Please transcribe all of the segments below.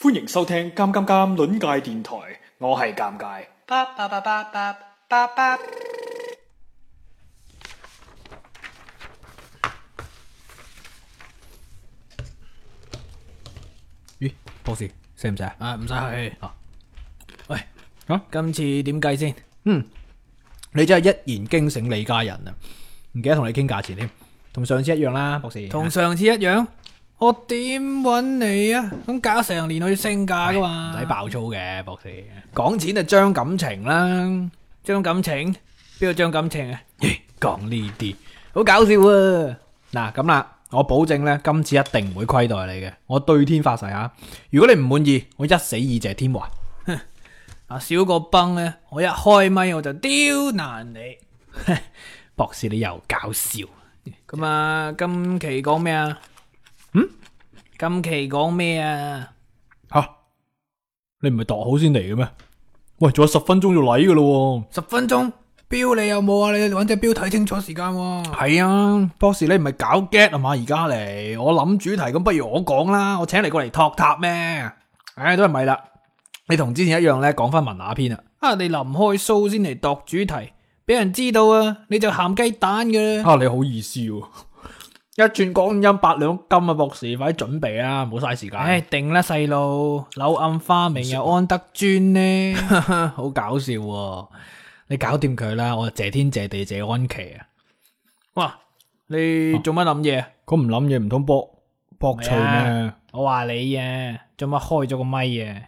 歡迎收聽《尷尷尷》尷尬電台，我係尷尬。咦，博士，使唔使啊？唔使客氣啊，喂，啊，今次點計先？嗯，你真係一言驚醒李家人啊！唔記得同你傾價錢添，同上次一樣啦，博士。同上次一樣。我點揾你啊？咁搞成年要升價噶嘛？唔使、欸、爆粗嘅博士，講錢就傷感情啦。傷感情？邊個傷感情啊？講呢啲好搞笑啊！嗱、啊，咁啦，我保證呢，今次一定唔會虧待你嘅。我對天發誓啊！如果你唔滿意，我一死二謝天華。啊，少個崩呢，我一開咪我就刁難你。博士，你又搞笑。咁、嗯嗯、啊，今期講咩啊？今期講咩啊？吓、啊，你唔係度好先嚟嘅咩？喂，仲有十分鐘要嚟嘅咯！十分鐘，表你有冇啊？你搵隻表睇清楚時間、啊。係啊，博士，你唔係搞 get 啊嘛？而家嚟，我諗主題咁，不如我講啦。我請你過嚟托塔咩？唉、哎，都係咪啦？你同之前一樣咧，講翻文雅篇啦。啊，你臨開書先嚟度主題，俾人知道啊，你就鹹雞蛋嘅。啊，你好意思、啊？一寸光陰百兩金啊！博士，快啲準備啦，冇嘥時間。唉、哎，定啦，細路。柳暗花明又安得尊呢？行 好搞笑喎、啊！你搞掂佢啦，我謝天謝地謝安琪啊！哇，你做乜諗嘢？佢唔諗嘢，唔通博博脆咩、啊？嗎我話你啊，做乜開咗個咪啊？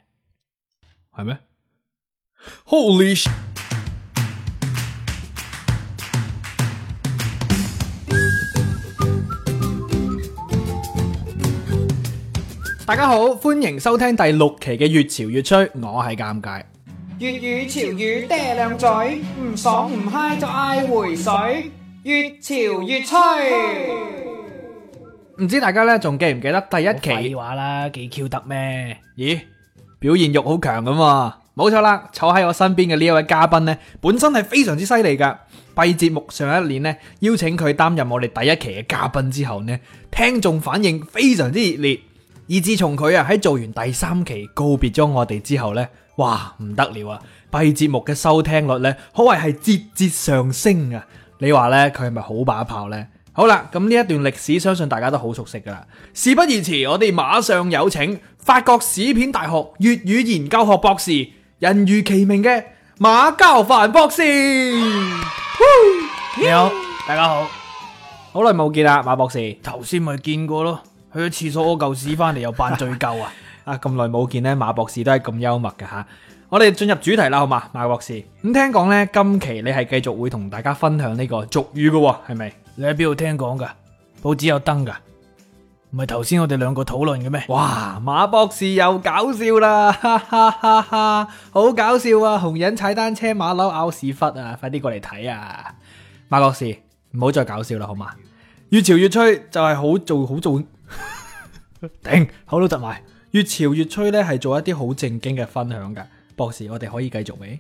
係咩？Holy 大家好，歡迎收聽第六期嘅越潮越吹，我係尷尬。粵語潮語爹靚嘴唔爽唔嗨，就嗌回水，越潮越吹。唔知大家呢仲記唔記得第一期？廢話啦，幾 Q 得咩？咦，表現欲好強咁啊！冇錯啦，坐喺我身邊嘅呢一位嘉賓呢，本身係非常之犀利噶。閉節目上一年呢，邀請佢擔任我哋第一期嘅嘉賓之後呢，聽眾反應非常之熱烈。而自從佢啊喺做完第三期告別咗我哋之後呢，哇唔得了啊！閉節目嘅收聽率呢，可謂係節節上升啊！你話呢，佢係咪好把炮呢？好啦，咁呢一段歷史，相信大家都好熟悉噶啦。事不宜遲，我哋馬上有請法國史片大學粵語研究學博士，人如其名嘅馬交凡博士。 你好，大家好，好耐冇見啦，馬博士。頭先咪見過咯。去咗廁所屙舊屎，翻嚟又扮醉。疚啊！ 啊，咁耐冇見咧，馬博士都係咁幽默嘅吓、啊。我哋進入主題啦，好嘛，馬博士咁聽講咧，今期你係繼續會同大家分享呢個俗語嘅係咪？是是你喺邊度聽講噶？報紙有登噶，唔係頭先我哋兩個討論嘅咩？哇，馬博士又搞笑啦，哈，哈哈哈！好搞笑啊！紅人踩單車，馬騮咬屎忽啊！快啲過嚟睇啊，馬博士唔好再搞笑啦，好嘛？粵潮粵吹就係、是、好做好做。頂，口都窒埋。越潮越吹咧，係做一啲好正經嘅分享噶。博士，我哋可以繼續未？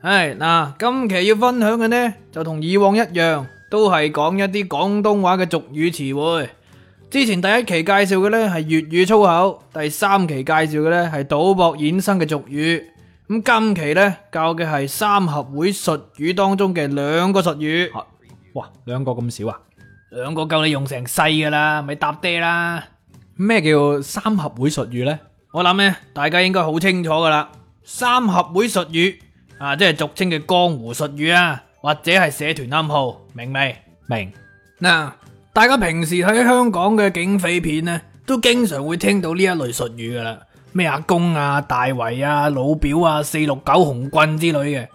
哎，嗱，今期要分享嘅呢，就同以往一樣，都係講一啲廣東話嘅俗語詞彙。之前第一期介紹嘅呢係粵語粗口，第三期介紹嘅呢係賭博衍生嘅俗語。咁今期呢，教嘅係三合會術語當中嘅兩個術語。哇，兩個咁少啊？兩個夠你用成世噶啦，咪搭爹啦！咩叫三合會術語呢？我諗咧，大家應該好清楚噶啦。三合會術語啊，即係俗稱嘅江湖術語啊，或者係社團暗號，明未？明嗱白。啊，大家平時喺香港嘅警匪片呢，都經常會聽到呢一類術語噶啦，咩阿公啊、大圍啊、老表啊、四六九紅棍之類嘅。咁、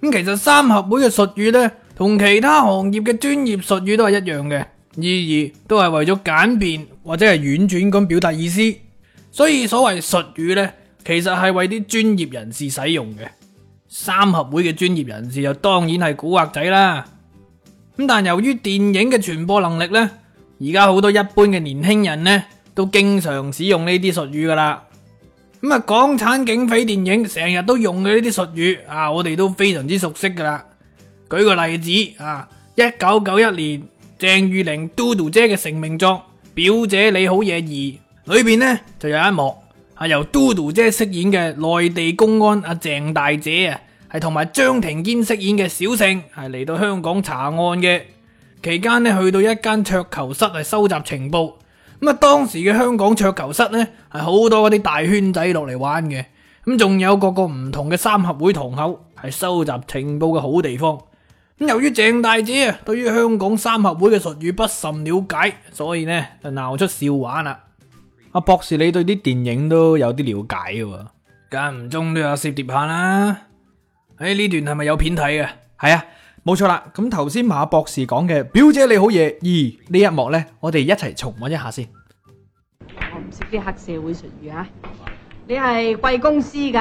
嗯、其實三合會嘅術語呢。同其他行業嘅專業術語都係一樣嘅，意義都係為咗簡便或者係婉轉咁表達意思。所以所謂術語呢，其實係為啲專業人士使用嘅。三合會嘅專業人士又當然係古惑仔啦。咁但由於電影嘅傳播能力呢，而家好多一般嘅年輕人呢都經常使用呢啲術語噶啦。咁啊，港產警匪電影成日都用嘅呢啲術語啊，我哋都非常之熟悉噶啦。舉個例子啊，一九九一年鄭裕玲嘟嘟姐嘅成名作《表姐你好嘢二》裏邊呢就有一幕係、啊、由嘟嘟姐飾演嘅內地公安阿鄭、啊、大姐啊，係同埋張庭堅飾演嘅小盛係嚟到香港查案嘅期間呢，去到一間桌球室係收集情報。咁啊，當時嘅香港桌球室呢係好多嗰啲大圈仔落嚟玩嘅，咁、啊、仲有各個唔同嘅三合會堂口係收集情報嘅好地方。咁由於鄭大姐啊，對於香港三合會嘅術語不甚了解，所以呢就鬧出笑話啦。阿、啊、博士，你對啲電影都有啲了解嘅，間唔中都有涉碟下啦。喺、哎、呢段係咪有片睇嘅？係、嗯、啊，冇錯啦。咁頭先馬博士講嘅表姐你好嘢二呢一幕呢，我哋一齊重溫一下先。我唔識啲黑社會術語啊！你係貴公司噶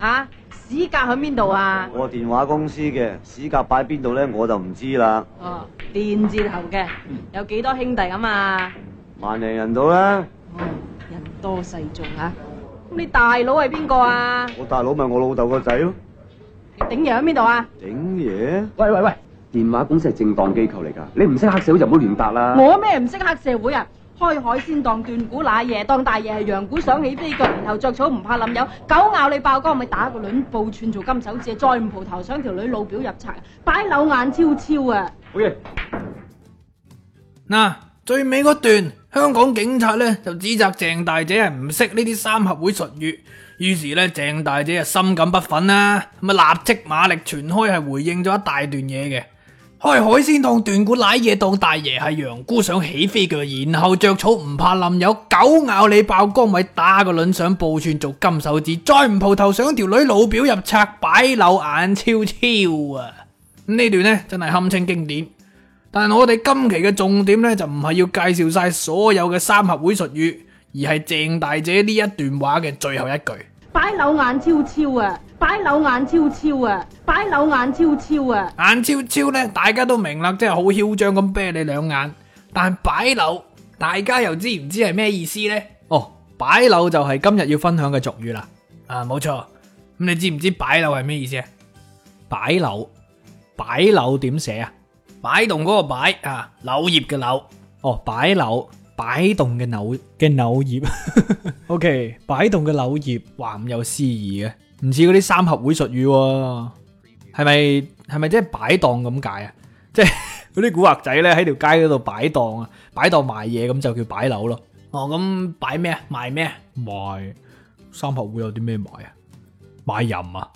啊？屎格喺邊度啊？我電話公司嘅屎格擺邊度咧，我就唔知啦。哦，電字頭嘅有幾多兄弟咁啊？萬零人到啦。哦，人多勢眾啊！咁你大佬係邊個啊？我大佬咪我老豆個仔咯。頂爺喺邊度啊？頂嘢！喂喂喂！電話公司係正當機構嚟噶，你唔識黑社會就唔好亂搭啦。我咩唔識黑社會啊？開海鮮檔斷骨那爺，當大爺係揚鼓想起飛腳，然後着草唔怕冧友，狗咬你爆缸咪打個卵，報串做金手指，再唔蒲頭想條女老表入賊，擺柳眼超超啊！嗱好嘢、啊，最尾嗰段香港警察呢就指責鄭大姐係唔識呢啲三合會術語，於是呢，鄭大姐啊心感不忿啦、啊，咁啊立即馬力全開係回應咗一大段嘢嘅。開海鮮檔斷骨舐嘢，當大爺係楊姑想起飛腳，然後着草唔怕冧，有狗咬你爆光咪打個輪，想報串做金手指，再唔蒲頭，想條女老表入賊，擺柳眼超超啊！呢段呢真係堪稱經典，但係我哋今期嘅重點呢，就唔係要介紹晒所有嘅三合會術語，而係鄭大姐呢一段話嘅最後一句擺柳眼超超啊！擺柳眼超超啊！擺柳眼超超啊！眼超超咧，大家都明啦，即係好囂張咁啤你兩眼。但係擺柳，大家又知唔知係咩意思咧？哦，擺柳就係今日要分享嘅俗語啦。啊啊。啊，冇錯。咁你知唔知擺柳係咩意思啊？擺柳，擺柳點寫啊？擺動嗰個擺啊，柳葉嘅柳。哦，擺柳，擺動嘅柳嘅柳葉。OK，擺動嘅柳葉，話唔有詩意嘅。唔似嗰啲三合會術語喎、啊，係咪係咪即係擺檔咁解啊？即係嗰啲古惑仔咧喺條街嗰度擺檔啊，擺檔賣嘢咁就叫擺柳咯。哦，咁擺咩啊？賣咩啊？賣三合會有啲咩賣啊？賣淫啊？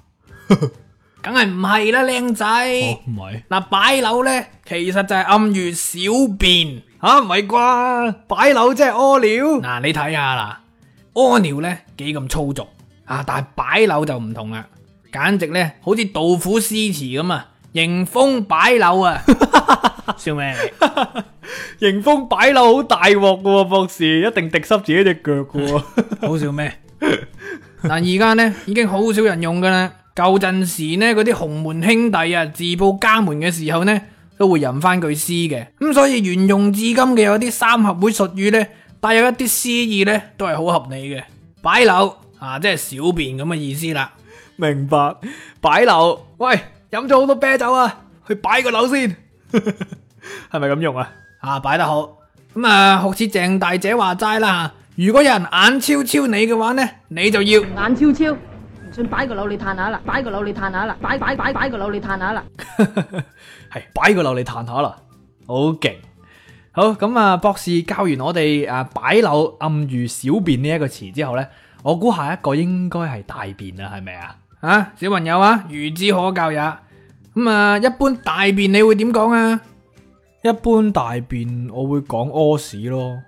梗係唔係啦，靚仔。唔係、哦。嗱、啊，擺柳咧其實就係暗喻小便吓，唔係啩？擺柳即係屙尿。嗱、啊，你睇下嗱，屙尿咧幾咁粗俗。啊！但係擺樓就唔同啦，簡直咧好似杜甫詩詞咁啊，迎風擺樓啊，笑咩？迎風擺樓好大鑊噶，博士一定滴濕自己隻腳噶。好笑咩？但而家咧已經好少人用噶啦。舊陣 時呢，嗰啲洪門兄弟啊，自報家門嘅時候呢，都會吟翻句詩嘅。咁、嗯、所以沿用至今嘅有啲三合會術語咧，帶有一啲詩意咧，都係好合理嘅。擺樓。啊，即係小便咁嘅意思啦，明白？擺柳，喂，飲咗好多啤酒啊，去擺個柳先，係咪咁用啊？啊，擺得好。咁、嗯、啊，好似鄭大姐話齋啦，如果有人眼超超你嘅話呢，你就要眼超超，唔先擺個柳嚟嘆下啦，擺個柳嚟嘆下啦，擺擺擺擺個柳嚟嘆下啦，係擺 個柳嚟嘆下啦，okay，好勁。好咁啊，博士教完我哋啊，擺柳暗喻小便呢一個詞之後呢？我估下一個應該係大便啦，係咪啊？啊，小朋友啊，孺子可教也。咁啊，一般大便你會點講啊？一般大便我會講屙屎咯，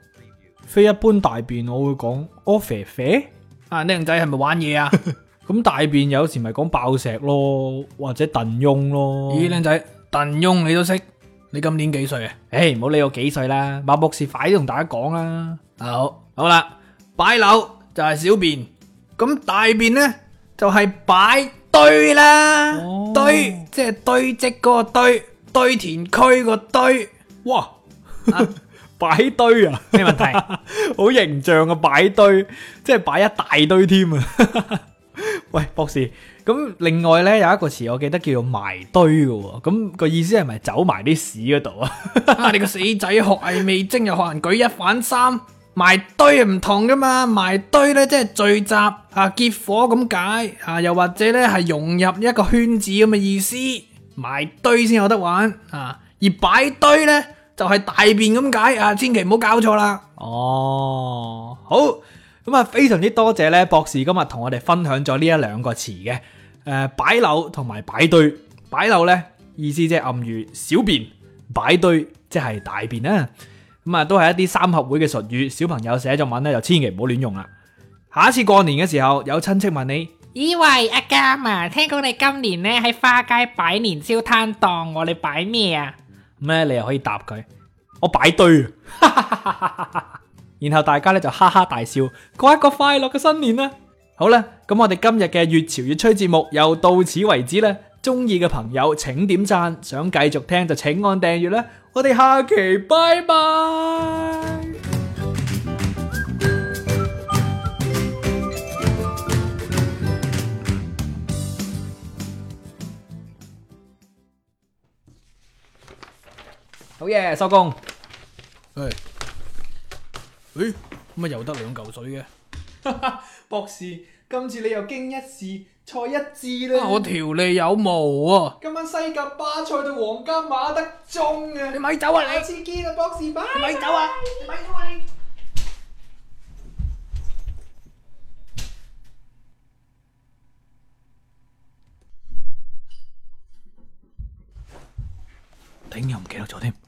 非一般大便我會講屙啡啡。啊，靚仔係咪玩嘢啊？咁大便有時咪講爆石咯，或者鄧翁咯。咦，靚仔，鄧翁你都識？你今年幾歲啊？誒，唔好理我幾歲啦，馬博士快啲同大家講啦。好好啦，擺柳。就係小便，咁大便咧就係擺堆啦，堆即係堆積嗰個堆，堆填區個堆。哇，擺堆啊，咩問題？好形象啊，擺堆即係擺一大堆添啊！喂，博士，咁另外咧有一個詞我記得叫做埋堆嘅喎，咁個意思係咪走埋啲屎嗰度啊？你個死仔學藝未精，又學人舉一反三。埋堆唔同噶嘛，埋堆咧即係聚集啊，結伙咁解啊，又或者咧係融入一個圈子咁嘅意思，埋堆先有得玩啊。而擺堆咧就係、是、大便咁解啊，千祈唔好搞錯啦。哦，好咁啊，非常之多謝咧，博士今日同我哋分享咗呢一兩個詞嘅，誒、呃，擺柳同埋擺堆。擺柳咧意思即係暗喻小便，擺堆即係大便啊。咁啊，都係一啲三合會嘅術語，小朋友寫作文呢就千祈唔好亂用啦。下一次過年嘅時候，有親戚問你：咦喂，阿 Jam 啊，聽講你今年咧喺花街擺年宵攤檔，我哋擺咩啊？咁咧，你又可以答佢：我擺堆，哈哈哈哈 然後大家咧就哈哈大笑，過一個快樂嘅新年啦。好啦，咁我哋今日嘅粵潮粵吹節目又到此為止啦。中意嘅朋友請點讚，想繼續聽就請按訂閱啦！我哋下期拜拜。好嘢，收工。係、哎。咦、哎？咁咪又得兩嚿水嘅。 博士，今次你又經一事。錯一字啦！我條脷有毛喎。今晚西甲巴塞對皇家馬德中啊！你咪走啊你！下次見啊博士，唔該。你咪走啊！點又唔記得咗添？